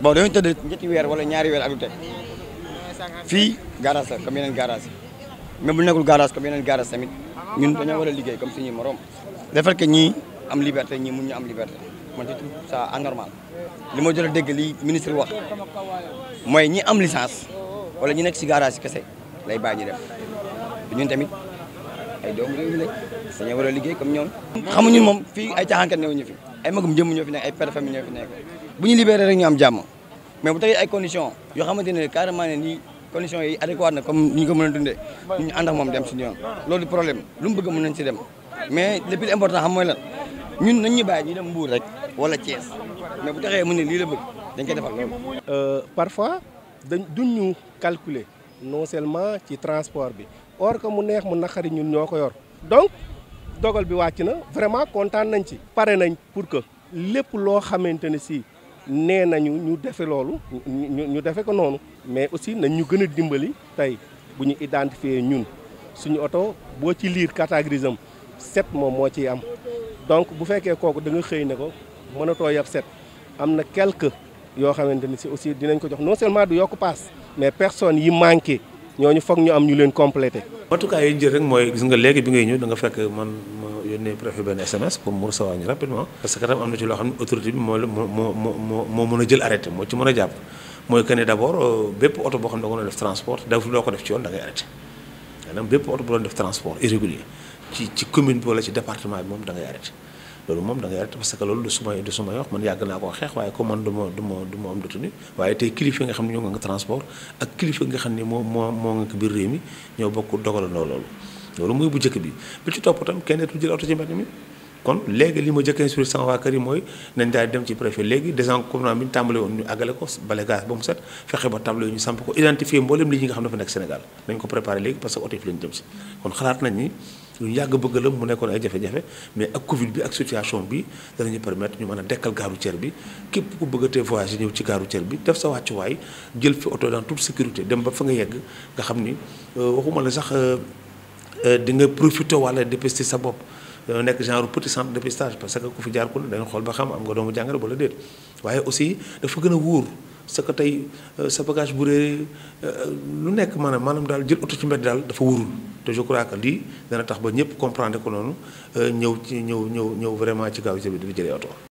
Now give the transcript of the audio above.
bon dañu tëdd ñetti weer wala ñaari weer ak lu teg garas garage la comme yeneen garage même bu nekkul garage comme yeneen garage tamit ñun dañoo war a liggéey comme morom que am liberté ñii mun am liberté man ci ça anormal lima ma jot dégg li ministre wax ñi am licence wala ñi nekk si garage kese lay bàyyi ñu def ñun tamit ay doomu réew mi lañ dañoo liggéey comme ñoom xamuñu moom fii ay caaxaankat newuñu fi ay magum jëmm ñoo fi ay père ñoo fi libéré rek ñu am jamu mais bu tegee ay conditions yoo xamante ne carrément ne nii conditions yi adéquate na comme ni ñu ko mën a dundee ñu ànd ak moom dem suñu yoon loolu problème lu mu bëgg mën nañ si dem mais le important xam mooy lan ñun nañ ñu bàyyi ñu dem Mbour rek wala Thiès mais bu taxee mu ne lii la bëgg dañ koy defal loolu. Euh, parfois dañ duñ ñu calculer non seulement ci transport bi or que mu neex mu naqari ñun ñoo ko yor donc dogal bi wàcc na vraiment kontaan nañ ci. pare nañ pour que lépp loo xamante ne si. nee nañu ñu defe loolu ñu defe ko noonu mais aussi nañ ñu gën a dimbali tey bu ñu identifier ñun suñu oto boo ci liir catégorie am set moom moo ciy am donc bu fekkee kooku da xëy ne ko mënatoo yab set am na quelque yoo xamante ni si aussi dinañ ko jox non seulement du yokk paas mais personnes yi ñoo ñu foog ñu am ñu leen complété matukaay yi jël rek mooy gis nga léegi bi ngay ñëw da nga fekk man yónnee préfet ben SMS pour mu recevoir ñu rapidement parce que ram amna ci lo xam autorité bi mo mo mo moo mën jël arrêté mo ci mën japp moy que ne d'abord bép auto bo boo xam da nga def transport da fu loko def ci yoon da ngay arrêté maanaam bép auto bu def transport irrégulier ci ci commune bo la ci département bi moom da ngay arrêté lolu mom da ngay arrêté parce que lolu du sumay du sumay wax man yag na ko xex waye ko man duma duma duma ma du ma am détenu waaye tey kilifa nga xam ne ñoo nga transport ak kilif nga xam ne mo moo nga ko biir réew mi ñoo bokku dogal dogalandoo lolu loolu muy bu jëkk bi bi ci topp tam kenn du jël oto ci mbedd kon léegi li ma njëkk instruire sama waa kër yi mooy nañ daal di dem ci préfet léegi désencombrement bi ñu tàmbale woon ñu àggale ko balagaas ba mu set fexe ba tableau yi ñu samp ko identifier mboolem li ñi nga xam dafa nekk Sénégal nañ ko préparé léegi parce que oto yi fi lañ jëm si kon xalaat nañ ni lu yàgg bëgg la mu nekkoon ay jafe-jafe mais ak Covid bi ak situation bi danañu permettre ñu mën a dekkal gaaru cër bi képp ku bëggatee voyagé ñëw ci gaaru cër oto dans toute sécurité dem ba fa nga yegg nga xam ni euh, waxuma la sax euh, Euh, di nga profité wala dépister sa bopp dañoo euh, nekk genre petit centre de dépistage parce que ku fi jaar ku ne dañu xool ba xam am nga doomu jàngoro wala déet waaye aussi dafa gën a wóor sa ko tey euh, sa bagage bu réer lu nekk maanaam maanaam daal jël oto ci mbedd daal dafa wóorul te je crois que lii dana tax ba ñëpp comprendre ko noonu ñëw ci ñëw ñëw ñëw vraiment ci gaaw di fi jëlee oto.